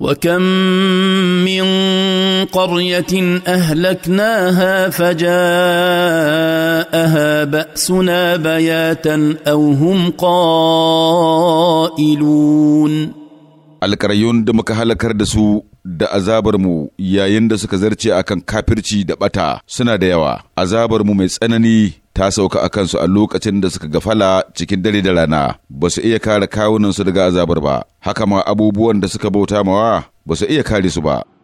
وكم من قريه اهلكناها فجاءها باسنا بياتا او هم قائلون alƙaryun da muka halakar da su da azabarmu yayin da suka zarce akan kafirci da ɓata suna da yawa azabarmu mai tsanani ta sauka a kansu a lokacin da suka gafala cikin dare da rana ba su iya kare kawunan su daga azabar ba haka ma abubuwan da suka bauta mawa ba su iya kare su ba